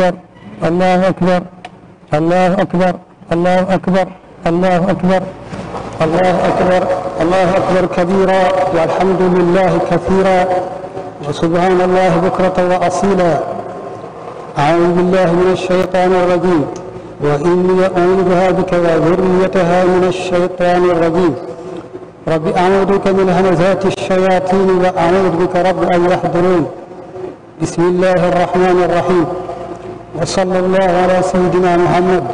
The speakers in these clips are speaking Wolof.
أكبر الله أكبر الله أكبر الله أكبر الله أكبر الله أكبر الله أكبر كبيرا والحمد لله كثيرا وسبحان الله بكرة وأصيلا أعوذ بالله من الشيطان الرجيم وإني أعوذ بها بك وذريتها من الشيطان الرجيم رب أعوذ بك من همزات الشياطين وأعوذ بك رب أن يحضرون بسم الله الرحمن الرحيم وصلى الله على سيدنا محمد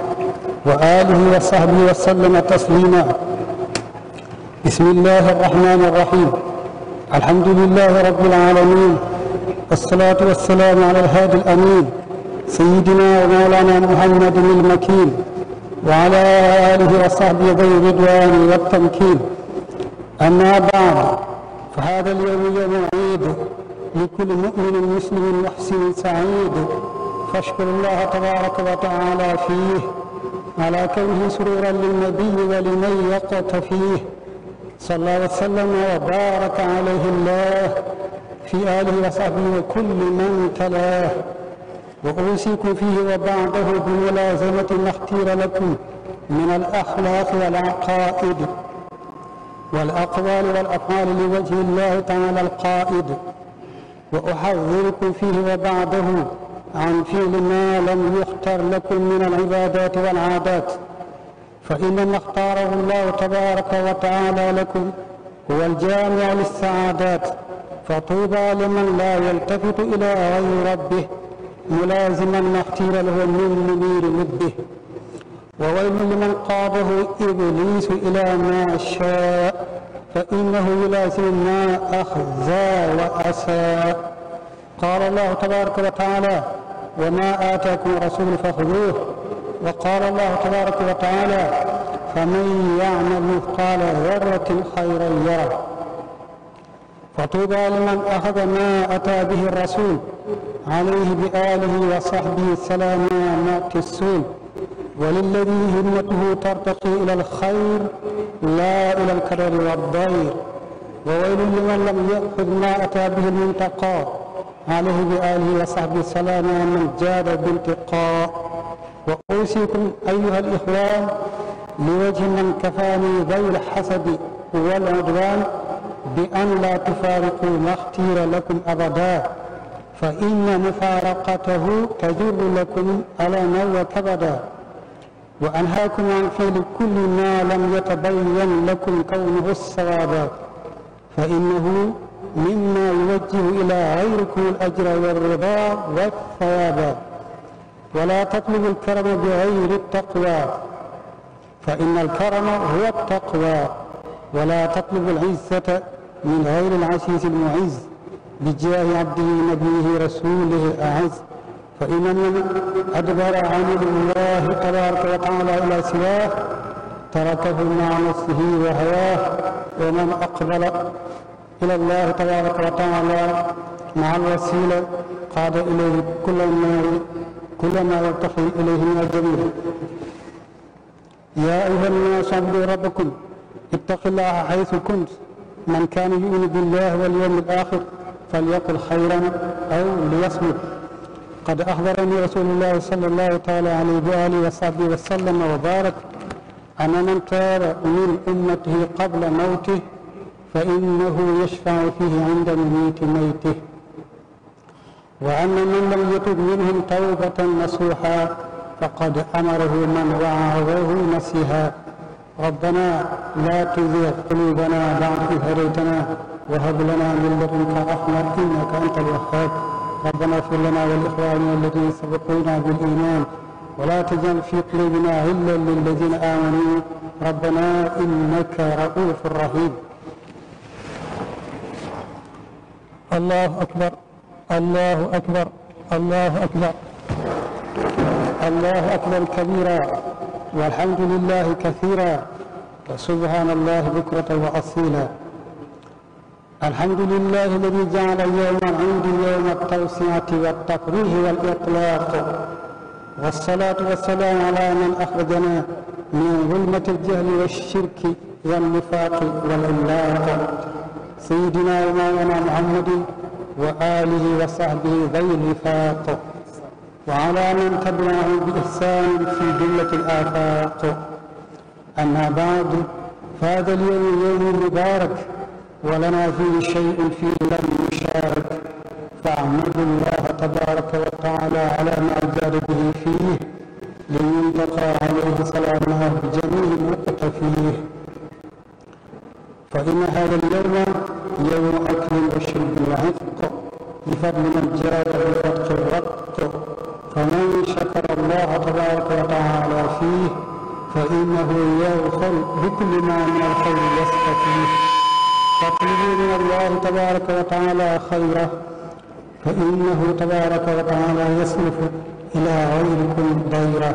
وآله وصحبه وسلم تسليما بسم الله الرحمن الرحيم الحمد لله رب العالمين والصلاة والسلام على الهادي الأمين سيدنا ومولانا محمد المكين وعلى آله وصحبه ذوي الرضوان والتمكين أما بعد فهذا اليوم يوم عيد لكل مؤمن مسلم محسن سعيد فاشكر الله تبارك وتعالى فيه على كونه سرورا للنبي ولمن يقتفيه صلى وسلم وبارك عليه الله في آله وصحبه وكل من تلاه وأوصيكم فيه وبعده بملازمة ما اختير لكم من الأخلاق والعقائد والأقوال والأفعال لوجه الله تعالى القائد وأحذركم فيه وبعده عن فعل ما لم يختر لكم من العبادات والعادات فإنما اختاره الله تبارك وتعالى لكم هو الجامع للسعادات فطوبى لمن لا يلتفت إلى غير ربه ملازما ما اختير له من منير لبه وويل لمن قاده إبليس إلى ما شاء فإنه يلازم ما أخزى وأساء قال الله تبارك وتعالى وما آتاكم الرسول فخذوه وقال الله تبارك وتعالى فمن يعمل مثقال ذرة خيرا يره فطوبى لمن أخذ ما أتى به الرسول عليه بآله وصحبه السلام معتسون وللذي همته ترتقي إلى الخير لا إلى الكرر والضير وويل لمن لم يأخذ ما أتى به المنتقى عليه وآله وصحبه السلام ومن جاد بانتقاء وأوصيكم أيها الإخوان لوجه من كفاني ذوي الحسد والعدوان بأن لا تفارقوا ما اختير لكم أبدا فإن مفارقته تجر لكم ألما وكبدا وأنهاكم عن فعل كل ما لم يتبين لكم كونه الصواب فإنه مما يوجه إلى غيركم الأجر والرضا والثواب ولا تطلبوا الكرم بغير التقوى فإن الكرم هو التقوى ولا تطلبوا العزة من غير العزيز المعز بجاه عبده نبيه رسوله أعز فإن من أدبر عن الله تبارك وتعالى إلى سواه تركه مع نفسه وهواه ومن أقبل إلى الله تبارك وتعالى مع الوسيلة قاد إليه كل ما كل ما يرتقي إليه من الجميل يا أيها الناس اعبدوا ربكم اتقوا الله حيث كنت من كان يؤمن بالله واليوم الآخر فليقل خيرا أو ليصمت قد أخبرني رسول الله صلى الله تعالى عليه وآله وصحبه وسلم وبارك أن من تاب من أمته قبل موته فإنه يشفع فيه عند مميت ميته وأما من لم يتب منهم توبة نصوحا فقد أمره من وعظه نسيها ربنا لا تزغ قلوبنا بعد إذ هديتنا وهب لنا من لدنك رحمة إنك أنت الوهاب ربنا اغفر لنا ولإخواننا الذين سبقونا بالإيمان ولا تجعل في قلوبنا غلا للذين آمنوا ربنا إنك رؤوف رحيم الله أكبر الله أكبر الله أكبر الله أكبر كبيرا والحمد لله كثيرا وسبحان الله بكرة وأصيلا الحمد لله الذي جعل اليوم عندي يوم التوسعة والتكريه والإطلاق والصلاة والسلام على من أخرجنا من ظلمة الجهل والشرك والنفاق والعلاق سيدنا ومولانا محمد وآله وصحبه ذوي الوفاق وعلى من تبعه بإحسان في جملة الآفاق أما بعد فهذا اليوم يوم مبارك ولنا فيه شيء فيه لم نشارك فأحمد الله تبارك وتعالى على ما فاطلبوا من الله تبارك وتعالى خيره فإنه تبارك وتعالى يصرف إلى غيركم ديره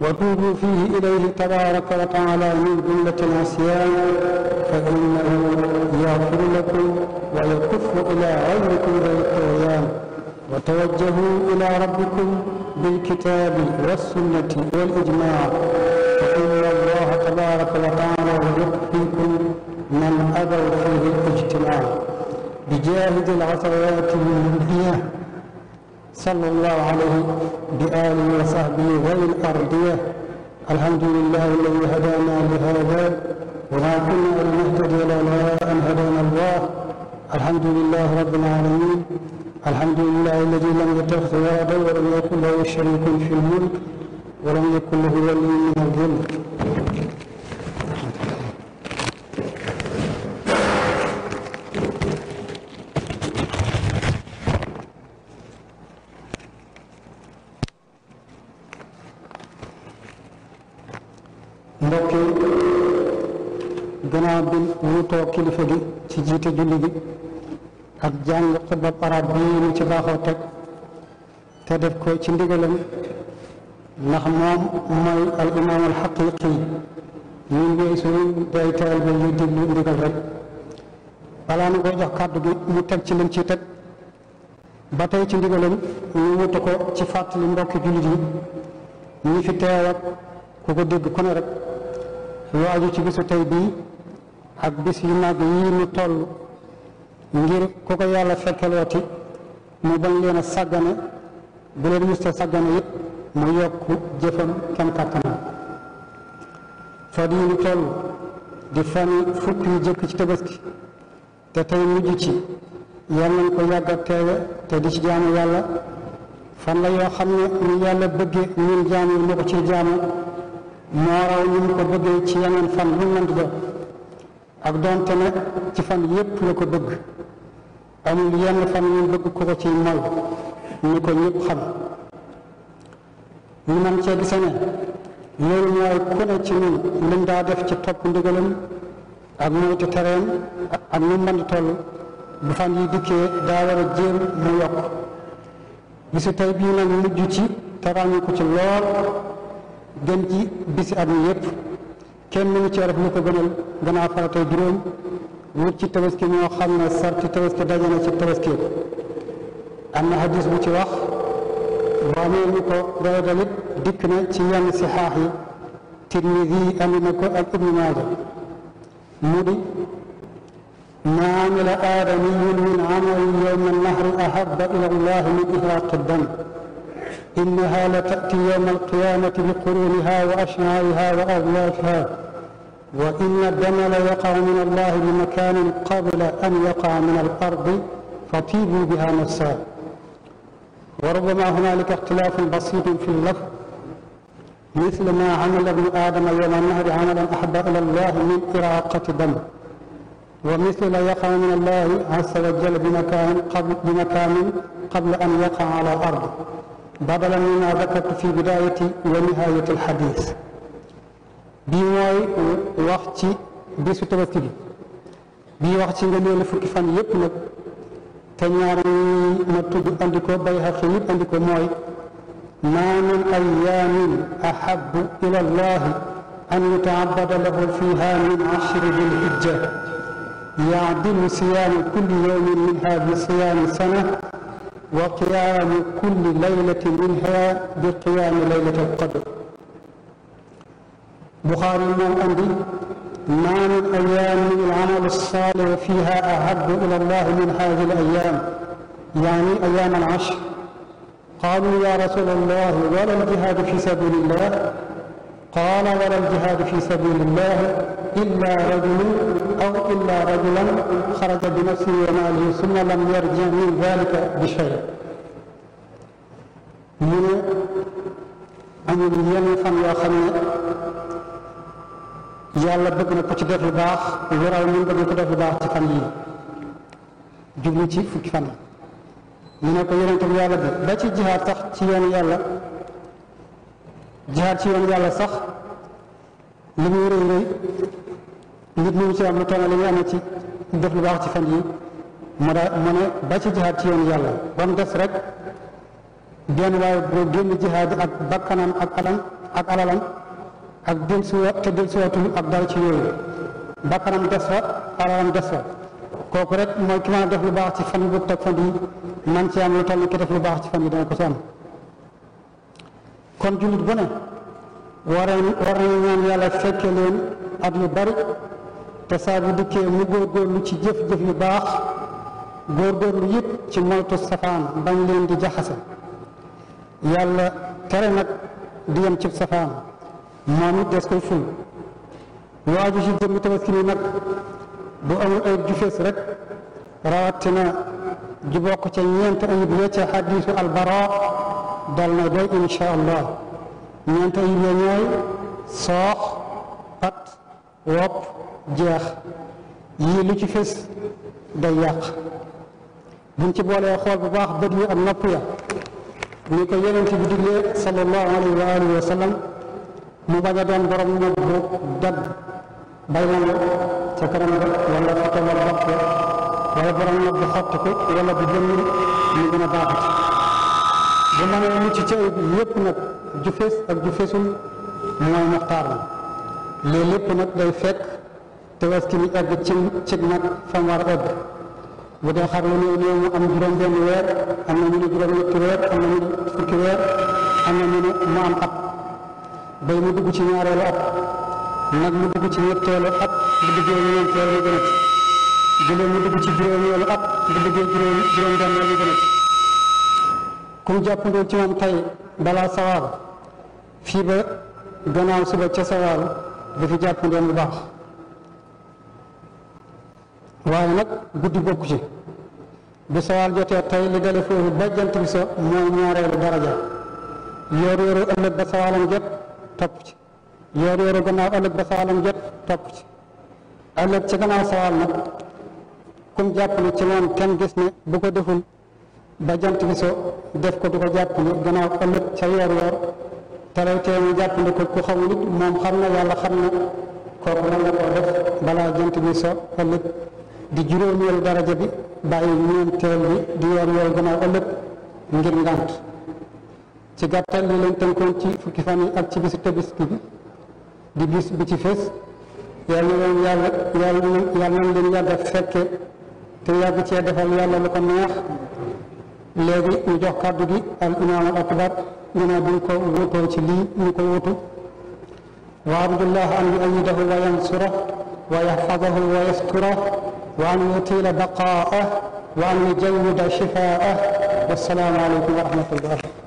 وتوبوا فيه إليه تبارك وتعالى من جملة العصيان فإنه يغفر لكم ويكف إلى غيركم ذوي الطغيان وتوجهوا إلى ربكم بالكتاب والسنة والإجماع فإن الله تبارك وتعالى يكفيكم من أبوا فيه الاجتماع بجاهد العثرات المبنية صلى الله عليه بآله وصحبه والأرضية الحمد لله الذي هدانا لهذا وما كنا لنهتدي لولا أن هدانا الله الحمد لله رب العالمين الحمد لله الذي لم يتخذ ولدا ولم يكن له شريك في الملك ولم يكن له ولي من الذل kilifa gi ci jiite julli gi ak jàng xutbab arab bi mu ci baaxoo teg te def ko ci ndigalam ndax moom mooy al imaam al xaqiqi ñun ñooy suñu day teewal ba ñuy déglu ndigal rek balaa nu koy jox kàddu gi mu teg ci lim ci teg ba tey ci ndigalam ñu wutu ko ci fàttali mbokki jullit yi ñi fi teew ku ko dégg ku ne rek lu ci bisu tey bii ak bis yu mag yii nu toll ngir ku ko yàlla fekkelooti mu bañ leen a sàggane bu leen musta sàggane it mu yokk jëfam kenn kàttanam fan yii nu toll di fan fukk yu jëkk ci tabaski te tey mujj ci yàlla nañ ko yàgg teewe te di ci jaamu yàlla fan la yoo xam ne ñu yàlla bëggee ñun jaamu yi ko ci jaamu moo raw ñu mu ko bëggee ci yeneen fan lu mën di doon ak doonte nag ci fan yépp la ko bëgg amul yenn fan yu bëgg ku ko ci moy ni ko ñépp xam ñu man cee gise ne loolu mooy ku ne ci ñun lim daa def ci topp ndigalam ak moytu tereem ak ñu mën di toll bu fan yi dikkee daa war a jéem mu yokk bisu tey bii nag mujj ci te ràññu ko ci lool gën ci bisi at yépp kenn mënu ci def lu ko gënal gannaaw faratay juróom wut ci tabaski ñoo xam ne sarti tabaski daje na ci tabaski am na hadis bu ci wax waamee ñu ko doy dalit dikk na ci yenn si xaax yi tirmidi andi na ko ak ibnu maaja mu di ma amila aadamiyun min amalin yowma annahri ahaba ila allahi min ihraqi dam innaha la tati yowma alqiyamati bi quruniha wa ashnaaiha wa adlaafiha وإن الدم ليقع من الله بمكان قبل أن يقع من الأرض فطيبوا بها نفسا وربما هنالك اختلاف بسيط في اللفظ مثل ما عمل ابن آدم يوم النهر عملا أحب إلى الله من إراقة دم ومثل لا يقع من الله عز وجل بمكان قبل, بمكان قبل أن يقع على الأرض بدلا مما ذكرت في بداية ونهاية الحديث bii mooy wax ci bésu tabaski bi bii wax ci nga leen fukki fan yépp nag te ñaar ñi ma tudd andi ko bay xaqi nit andi ko mooy maa min ayaamin ahabu ila allahi an yutaabada lahu fiha min ashri dilhijja yaadilu siyaamu kulli yawmin minha bi siyaami sana wa qiyaamu kulli laylatin minha bi qiyaami laylatil qadr Buxaari moom andi maa min ayaamin al-amal as-saalih fiihaa ahabbu ila Allah min haadihi al-ayaam yaani ayaam al-ashr qaaluu yaa rasuula Allah walaa al-jihaadu fii sabiilillah qaala walaa al-jihaadu fii sabiilillah illaa rajulun aw illaa rajulan xaraja bi nafsihi wa maalihi summa lam yarji' min daalika bi shay' mu ne amul yenn fan yoo xam ne yàlla bëgg na ko ci def lu baax lu raw ñun bëgg na ko def lu baax ci fan yii jublu ci fukki fan yi mu ne ko yonente bi yàlla bi ba ci jihaad sax ci yoon yàlla jihaad ci yoon yàlla sax li muy rëy rëy nit mu ci am lu toll li muy amee ci def lu baax ci fan yi mu da mu ne ba ci jihaad ci yoon yàlla ba mu des rek genn waaye bu génn jihaad ak bakkanam ak alam ak alalam ak del siwaat te del siwaatul ak dal ci yooyu bakkanam des fa alalam des fa kooku rek mooy ki mën def lu baax ci fan yi bu teg yi man ci am lu toll ki def lu baax ci fan yi dana ko ci am kon jullit bu ne war war nañu ñaan yàlla fekke leen at yu bari te saa bu dikkee mu góorgóorlu ci jëf-jëf yu baax góorgóorlu yit ci moytu safaan bañ leen di jaxase yàlla tere nag di yem ci safaan moom it des koy ful lu aju ci jëmmi tabaski ni nag bu amul ayib ju fees rek rawatina ju bokk ca ñeent ayib ya ca xadiisu albara dal na doy insha allah ñeent ayib ya ñooy soox pat wopp jeex yii lu ci fees day yàq buñ ci boolee xool bu baax bët yi ak nopp ya ni ko yonent bi diglee sallallahu alayhi wa alihi mu bañ a doon borom ñoom bu dagg bay nangu ca kanam ba wala fa tolloon bopp ba wala borom ñoom bu xott ko bu jëm ñu gën a baaxut bu mënee mucc ci ayib yépp nag ju ak ju feesul mooy muxtaar la loolu lépp nag day fekk tabaski mi egg ci ci nag war a egg dee xar lu néew néew mu am juróom benn weer am na juróom ñetti weer am na ñu ne am na ñu ne at bay mu dugg ci ñaareelu at nag mu dugg ci ñetteelu at bu duggee ñeenteel ci gëléem mu dugg ci juróomeelu at bu duggee juróom juróom-benneel mu gën kum jàppandoo ci moom tey balaa sawaal fii ba gannaaw suba ca sawaal du fi jàppandoo bu baax waaye nag guddi bokku ci bu sawaal jotee tey li dale foofu ba jant bi so mooy ñaareelu daraja yoor yooru ëllëg ba sawaalam jot topp ci yoo réere gannaaw ëllëg ba sawalam jot topp ci ëllëg ci gannaaw sawal nag kum jàppale ci loon kenn gis ne bu ko deful ba jant bi so def ko du ko jàppale gannaaw ëllëg ca yoor yoor tere tee mu jàppale ko ku xamul it moom xam na yàlla xam na kooku lan la ko def balaa jant bi ëllëg di juróomeelu daraja bi bàyyi ñeenteel bi di yoor yoor gannaaw ëllëg ngir ngànt ci gàttal li lañ tënkoon ci fukki fan yi ak ci bisu tabaski bi di bis bi ci fees yàlla na leen yàlla yàlla na leen yàgg a fekke te yàgg cee jox kàddu gi al imaam al akbar ginnaaw bi ñu ko wutoo ci lii ñu wutu wa abdullah an yuayidahu wa yansura wa yaxfadahu wa yastura wa an yutiila baqaa'ah wa an yujawwida shifaa'ah wassalaamu aleykum wa